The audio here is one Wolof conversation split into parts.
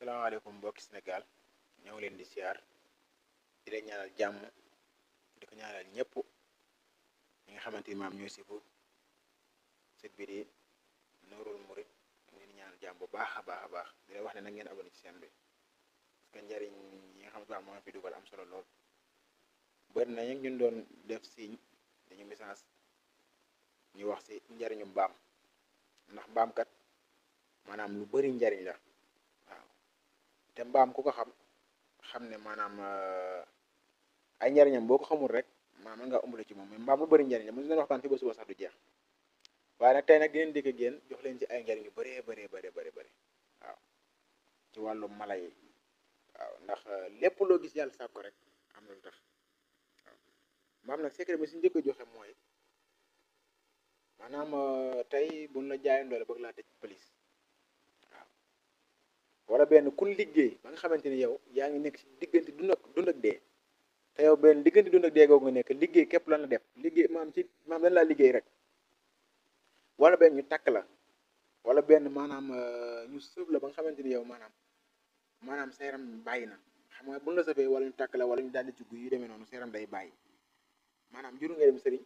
Assalamualaikum mbokk Sénégal ñew leen di ziar di leen ñaanal jàmm di ko ñaanal ñëpp ñi nga xamante ni maam ñooy sibu sët bi di Nuurul Murid ñu leen ñaanal jàmm bu baax a baax a baax di leen wax ne nag ngeen abonné ci seen bi parce que njariñ yi nga xamante ne moo fi dugal am solo lool bëri na ñun doon def siñ dañu message ñu wax si njariñu mbaam ndax mbaam kat maanaam lu bari njariñ la te mbaam ku ko xam xam ne maanaam euh, ay njariñam boo ko xamul rek maanaam nga umbale ci moom mais mbaam lu bëri njariñ la mën nañu waxtaan fi ba suba sax du jeex waaye nag tey nag dinañ dikk génn jox leen ci ay njariñ yu bëree bëree bëree bëri bëri waaw ci wàllu mala yi waaw ndax euh, lépp loo gis yàlla sàkk ko rek am na lu tax mbaam nag secret bi euh, la wala benn kun liggéey ba nga xamante ni yow yaa ngi nekk ci diggante dund ak dund ak dee te yow benn diggante dund ak dee googu nga nekk liggéey képp lan la def liggéey maam ci maam lan laa liggéey rek wala ñu takk la wala benn maanaam euh, ñu sëf la ba nga xamante ni yow maanaam maanaam sa yaram bàyyi na xam nga buñ la sëfee wala ñu takk la wala ñu daal di jugg yu demee noonu sa yaram day bàyyi maanaam juru nga dem sëriñ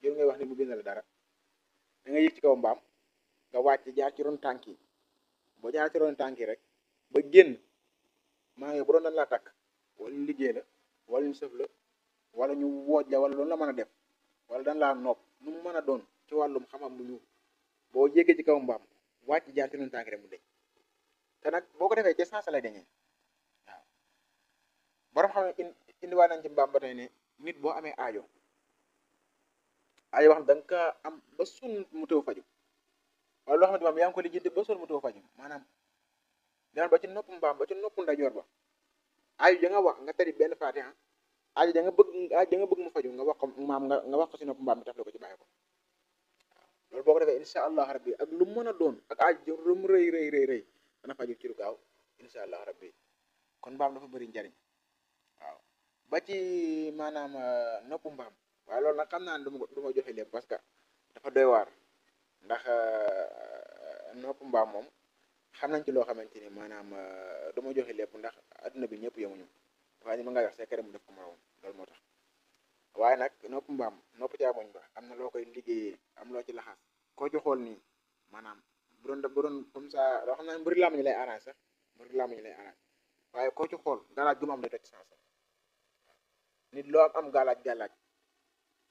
juru ngay wax ni mu bind la dara da nga yëg ci kaw mbaam nga wàcc jaar ci ron tànk yi boo jaar ci ron tànk rek ba génn maa ngi bu doon dañ laa takk wala liggéey la wala ñu sëf la wala ñu wooj la wala loolu la mën a def wala dan laa nopp nu mu mën a doon ci wàllum xamam xam bu ñuul boo jéggee ci kaw mbaam wàcc jaar ci noonu tànk mu dëñ te nag boo ko defee ci sens lay dañee waaw borom xam ne indiwaay nañ ci mbaam ba tey ne nit boo amee aajo aajo wax da nga kaa am ba sun mu tëw faju wala loo xamante maam yaa ngi ko lijjanti ba sun mu tëw faju maanaam dinaat ba ci nopp mbam ba ci nopp ndajor ba aaju ja nga wax nga tari ben fatiha aaju ja nga bëgg aaju ja nga bëgg mu faju nga wax ko nga nga wax ko nopp mbam taf ko ci bayiko ko boko defé inshallah allah rabbi ak lu mëna doon ak aaju ja rum reey reey reey reey dana faju ci lu gaaw inshallah allah rabbi kon mbam dafa bari njariñ waaw ba ci manam euh, nopp mbam wa loolu nak xamna naa ne du joxe lepp parce que dafa doy war ndax euh, nopp mbam mom xam nañ ci loo xamante ni maanaam euh, du ma joxe lépp ndax adduna bi ñëpp yemuñu waaye ni ma nga wax secret mu def loolu moo tax waaye nag nopp mbaam nopp caamoñ ba am na loo koy liggéeyee am loo ci laxaas koo ci nii maanaam bu doon bu doon comme loo xam ne mbëri làmmiñ lay arrangé sax mbëri làmmiñ lay arrangé waaye koo ci xool galaaj gu mu am day toj sens nit loo am am galaaj galaaj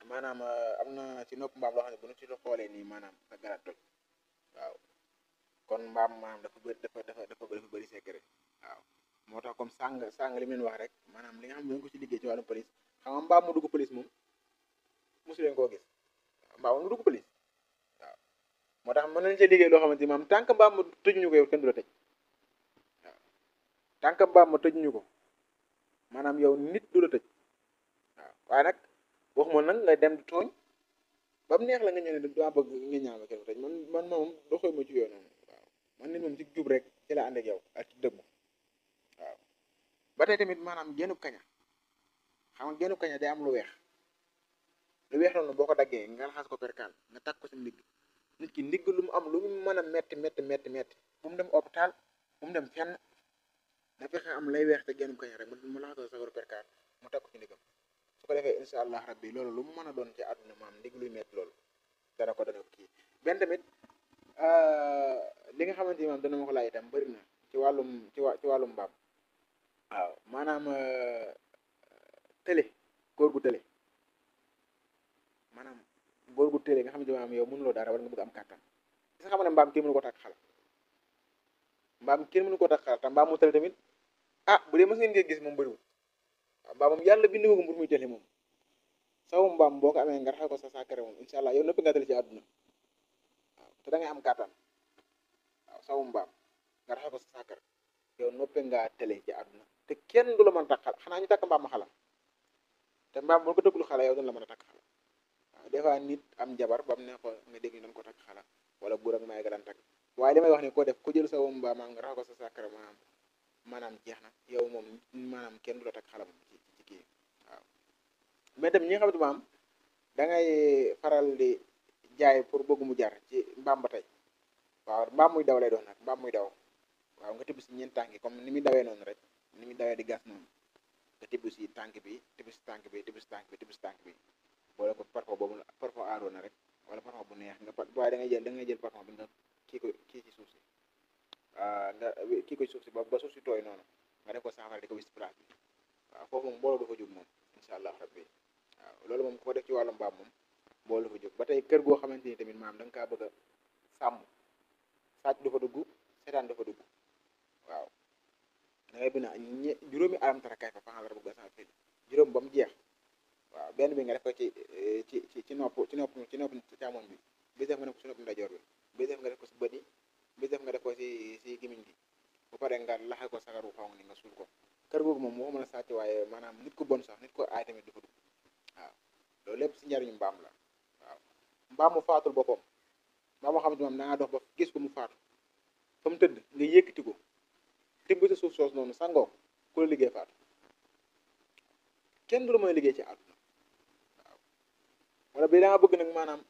maanaam euh, am na ci nopp mbaam loo xam ne bu nu ci xoolee nii maanaam sa galaaj toj waaw kon mbaam maanaam dafa bëri dafa dafa dafa bëri secret waaw moo tax comme sàng sàng li mu leen wax rek maanaam li nga xam ne ko ci liggéey ci wàllu police xam nga mbaam mu dugg police moom mosu leen koo gis mbaam mu dugg moo tax mën nañu cee liggéey loo xamante ni maam tant que mbaam mu ñu ko yow kenn du la tëj mbaam mu tëj ñu ko maanaam yow nit du la tëj waaw waaye nag waxuma dem di tooñ ba neex la nga ñëw ne daa bëgg nga ñaama kenn man moom doxee ma ci yooyu noonu man nit mom ci djub rek ci la ande yow ak ci dëgg waaw kanya tamit manam genu kaña xam nga genu kaña day am lu wex lu wex non boko ko daggee nga xass ko perkaan nga tak ko ci ndig nit ki ndig lu mu am lu mu meuna metti metti metti metti bu mu dem hopital bu mu dem fenn da fexé am lay wex te genu kaña rek mu laxas ko sagaru mu tak ko ci ndigam su ko defé inshallah rabbi lolu lu mu meuna don ci aduna maam ndig luy metti lolu dara ko dana ki ben tamit ah, li nga xamante ni moom dana ma ko laaj itam bëri na ci wàllum ci wa ci wàllum mbaam waaw maanaam euh, télé góor gu télé maanaam góor gu télé nga xamante ne maanaam yow mënuloo dara wala nga bëgg am kàttan sa xam ne mbaam kenn mënu ko tàkk xala mbaam kenn mënu ko tàkk xala te mbaam mu télé tamit ah bu dee mos ngeen ngee gis moom bëriwul waaw mbaam moom yàlla bind ko mbur muy télé moom saw mbaam boo ko amee nga raxal ko sa saakare moom incha allah yow nëpp nga télé ci àdduna te da ngay am kàttan saw mbaam nga ko sa saa yow noppe ngaa tëlee ci aduna te kenn du la mën a takk xala xanaa ñu takk mbaam xalam te mbaam bu ko tëggul xala yow dana la mën a takk xala defa nit am jabar bam ne ko nga dégg ñu ko takk xala wala buur ak may ga daan takk waaye limay wax ni ko def ya, ku jël saw mbaam nga ko sa saa kër maanaam jeex na yow moom manam kenn du la takk xalam ci ci kii waaw mais tam ñi nga xam maam da ngay faral di jaay pour bëgg mu jar ci mbaam ba tey waaw mbaam muy daw lay doon nag mbaam muy daw waaw nga tibb si ñeent tànk yi comme ni muy dawee noonu rek ni muy dawee di gas noonu nga tibb si tànk bi tibb si tànk bi tibb si tànk bi tibb si tànk bi boole ko parfum boobu parfum aaroo na rek wala parfum bu neex nga waaye da ngay jël da ngay jël parfum bi nga kii ko kii ci suuf si ah, kii ko ci si ba ba suuf si tooy noonu nga def ko saafara di ko wis place bi waaw foofu moom mbooloo du fa jóg moom incha allah rabbi waaw loolu moom ko def ci wàllu mbaam moom mbooloo du fa jóg ba tey kër goo xamante ni tamit maam da nga kaa bëgg a sàcc dafa fa dugg seetaan du dugg waaw da ngay bina ñe juróomi alam tara kay fa fa nga bëgg a fi juróom bam jeex waaw benn bi nga def ko ci ci ci ci nopp ci nopp ci nopp tamon bi bi def nga def ko ci nopp ndajoor bi bi def nga def ko ci bët bi def nga def ko ci ci gémmiñ bi bu pare nga laxe ko sagaru xonq ni nga sul ko kër googu mom mo mën a waye manam nit ko bon sax nit ko ay tamit dafa dugg waaw loolu lépp si njariñu mbam la waaw mbamu fatul bopom daa moo xam moom da ngaa dox ba gis ko mu faatu fa mu tëdd nga yëkkati ko tibb sa suuf soos noonu sangoo ko ku la liggéey faatu kenn du la mooy liggéey ci àdduna waaw wala bi da bëgg nag maanaam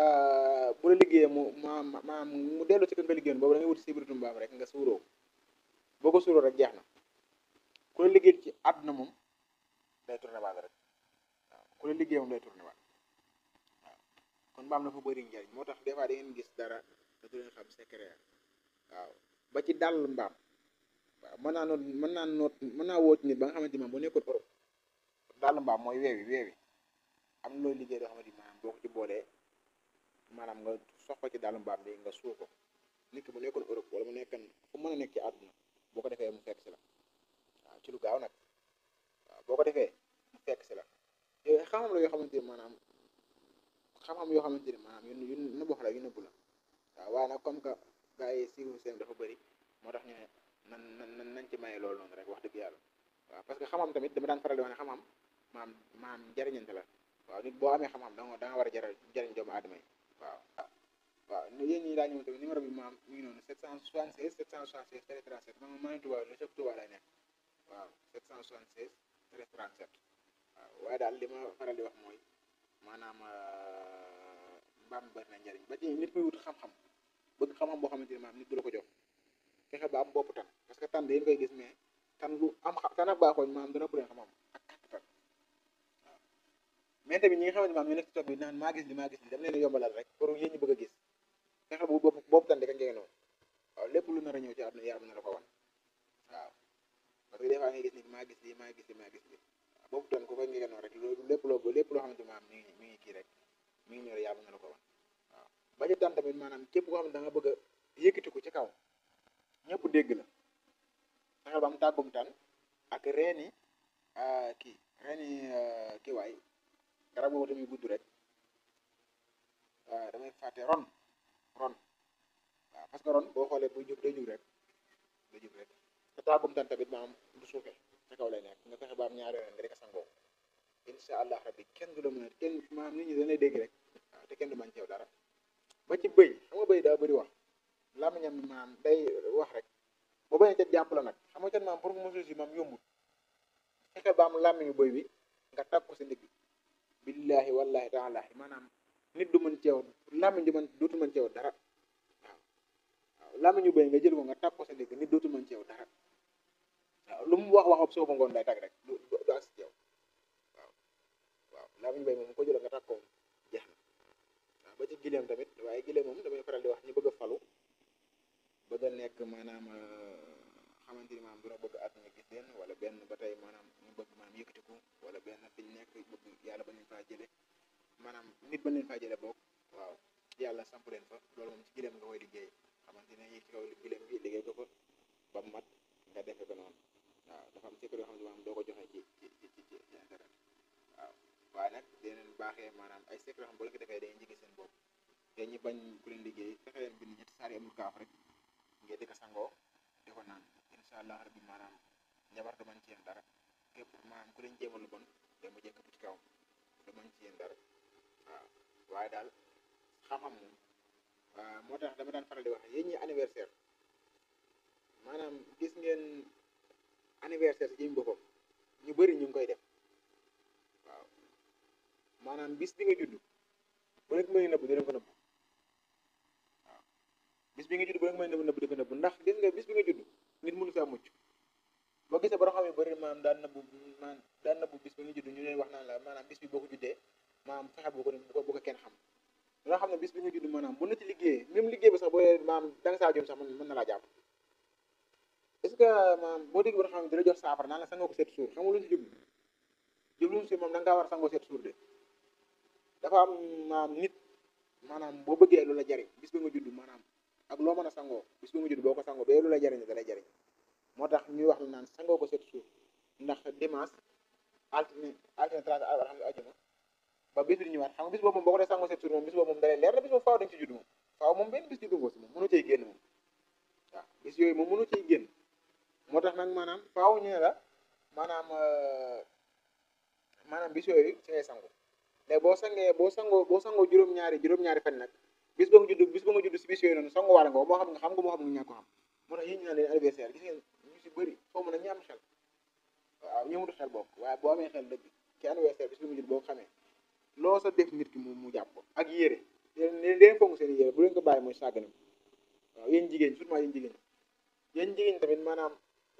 euh, bu la liggéeyee mu ma maanaam mu dellu ci ko nga liggéeyoon boobu da ngay wuti sibritu mbaam rek nga suuroo boo ko suuroo rek jeex na ku la liggéey ci àdduna moom day tourné waat rek ku la liggéey moom day tourné kon mbaam dafa bari njariñ moo tax des fois da ngeen gis dara te du leen xam secret waaw ba ci dàll mbaam waaw mën naa noot mën naa noot mën naa woo ci ba nga xamante bu nekkoon Europe dàll mbaam mooy weewi weewi am na looy liggéey doo xamante maanaam boo ko ci boolee maanaam nga sox ko ci dàll mbaam bi nga suuf ko nit bu nekkoon Europe wala mu nekkoon fu mën a nekk ci àdduna boo ko defee mu fekk si la waaw ci lu gaaw nag waaw boo ko defee mu fekk si la yooyu xam la yoo xamante ni maanaam xam-xam yoo xamante ni maanaam yu yu nëbbu la yu nëbbu la waaw waaye na comme que gars yi siiw seen dafa bëri moo tax ñu ne nañ ci maye loolu noonu rek wax dëgg yàlla waaw que xam-xam tamit dama daan faral di wax ne xam-xam nit boo amee xam-xam da da war a jar jariñ doomu aadama yi waaw waaw yéen ñi daa ñëw tamit numéro bi maam mi ngi noonu 776 776 37 ma ma ne tubaab la tubaab lay nekk waaw 776 37 waaw waaye daal li ma faral di wax mooy maam bari na njariñ ba ci nit kuy wut xam-xam bëgg xam boo xamante ni maam nit du la ko jox fexe ba am bopp tan parce que tan dañ koy gis mais tan lu am xam tan ak baaxooñ maam dana bëri xam-xam ak kattan waaw mais tamit ñi bi maa gis li maa gis rek pour yéen ñu bëgg a gis fexe bu bopp bopp tan di ka ngeen waaw lépp lu nar a ñëw ci àdduna yàlla na la ko wan waaw parce que des fois gis ni maa gis li maa gis li maa gis li bopp tan ko ngeen noonu rek loolu lépp loo lépp loo maam mi ngi ngi kii rek mi ngi ñëw yàlla nga la ko wan waaw ba ci daan tamit maanaam képp koo xam ne da nga bëgg a yëkkati ko ci kaw ñëpp dégg la fexeel ba am tàggum tan ak reeni ah, ki, reeni ah, kii waay garab boobu tamit gudd rek ah, damay fàtte ron ron waaw parce que ron boo xoolee buy jóg day jóg rek day jóg rek te tàggum tan tamit maanaam du suufe ca kaw lay nekk nga fexe ba am ñaari reen nga sangoo insya allah rabbi kenn du la mën a kenn maanaam nit ñi dañuy dégg rek waaw ah, te kenn du mën ceew dara ba ci bëy xam nga bëy daa bëri wax lam ñam maanaam day wax rek bu bañee cat jàpp la nag xam nga cat maam pour mu mosul si maam yombul fexe ba mu lam ñu bëy bi nga tàpp ko si bi billahi wallahi taala maanaam nit du mën ceew làmmiñ du mën dootu mën ceew dara waaw ah, ah, waaw làmmiñu bëy nga jël ko nga tàpp ko si ndig nit dootu mën ceew dara waaw lu mu wax waxob soo ba ngoon day tag rek du as ceew daa bañ bay moom ko jëloon nga tàkkoom jeex ya. na ba ci gileem tamit waaye gileem moom damay faral di wax ñu bëgg falu bëgg nekk maanaam xamante ni dina bëgg àdduna gis leen wala benn ba tey maanaam ñu bëgg maam yëkkatiku wala benn fi nekk bëgg nit baaxee manam ay secret xam boo la ko defee day jege seen bop té ñi bañ ku leen liggé fexé leen bind ñet saar yi amul kaaf rek ngay dëkk sango di ko naan inshallah rabbi manam njabar du mën ci yeen dara képp manam ku leen jéemal lu bon té mu jékk ci kaw du mën ci yeen dara ah, waaw waaye ah, daal xam-xam moom moo dama daan faral di wax yéen ñi anniversaire manam gis ngeen anniversaire ci ñu bopam ñu bari ñu ngi koy def maanaam bis bi nga judd bu nekk mën neub nëbb nga ko nëbb bis bi nga judd bu nekk mën neub neub di neub ndax gis nga bis bi nga judd nit mënu faa mucc bo gisee ba nga xam ne bëri maanaam daan nëbb maanaam daan bu bis bi nga judd ñu lay wax naan la manam bis bi boo ko juddee maanaam fexe bu ko bu ko kenn xam nga xam bis bi nga judd manam bu na ci même liggéey ba sax bo maanaam da nga saa sax mën na la jàpp est-ce que maanaam bo dégg ba xam dina jox safar naan la sangoo ko set sour xam lu ci si jublu jublu si moom da nga war a sangoo seet de dafa am manam nit manam bo beugé lu la jariñ bis bi nga judd manam ak lo meuna sango bis bi nga judd boko sango be ba lu la jariñ da lay jariñ motax ñuy wax la naan sango ko set suuf ndax dimanche alterne alterne trente alhamdu aljuma ba bisu ñu ñëwaat xam bis boobu moom boo ko dee set suuf bis boobu moom da lay leer bis boobu faaw dañ ci judd mom faaw mom ben bis ci dugg ci mom mënu cay genn mom wa bis yoy mom mënu cay genn motax nak manam faaw ñu la maanaam euh, manam bis yoy ci sango mais boo sangee boo sangoo boo sangoo juróom-ñaari juróom-ñaari fan nag bis ba nga judd bis ba nga judd si bis yooyu noonu sango waale nga moo xam nga xam nga moo xam nga ñàkk ko xam moo tax ñu naan leen xel waaw waaye boo amee xel dëgg ci anniversaire bis bi mu judd boo xamee loo sa def nit ki mu jàpp ko ak yére leen leen fonk seen yére bu leen ko bàyyi mooy sàgg na waaw yéen jigéen surtout yéen jigéen yéen jigéen tamit maanaam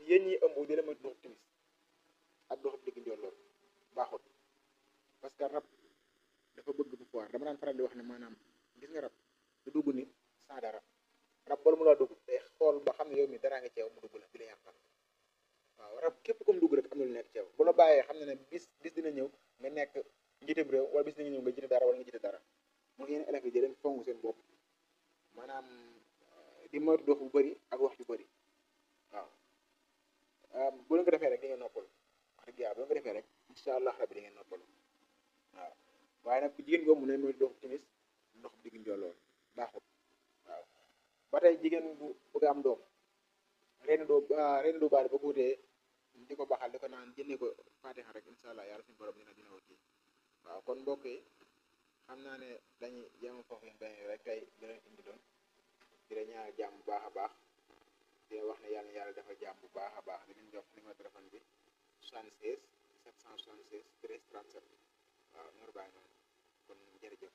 yéen ñi ëmb di la ma dox timis ak dox digg njool loolu baaxul parce que rab dafa bëgg mu foor dama daan faral di wax ne maanaam gis nga rab du dugg nit saa dara rab bala mu la dugg day xool ba xam ne yow mi dara nga ceew mu dugg la di la yàqal waaw rab képp ko mu dugg rek amul na lu nekk ceew bu la bàyyee xam ne ne bis bis dina ñëw nga nekk njiitam réew wala bis dina ñëw nga jiite dara wala nga jiite dara mu yéen elef yi jëleen fongu seen bopp maanaam euh, di moytu dox bu bëri ak wax yu bëri waaw bu la ko defee rek di ngeen noppalu wax dëgg yàlla bu la ko defee rek incha allah rabbi di ngeen noppalu waaw waaye nag ku jigéen goo mu ne mooy dox timis ndox digg njolloon baaxul waaw ba tey jigéen bu bëgg am doom reeni doo ah, reeni doo baari ba ko wutee di ko baxal di ko naan jëndee ko fatiha rek incha allah yàlla suñu borom dina dina ko kii waaw kon mbokk yi xam naa ne dañuy yem foofu yéen benn rek tey dinañ indi doon di la ñaar jàmm bu baax a baax di wax ne yàlla yàlla dafa jàmm bu baax a baax di leen jox numéro téléphone bi 76 776 13 37 waaw Noor Baye noonu kon jërëjëf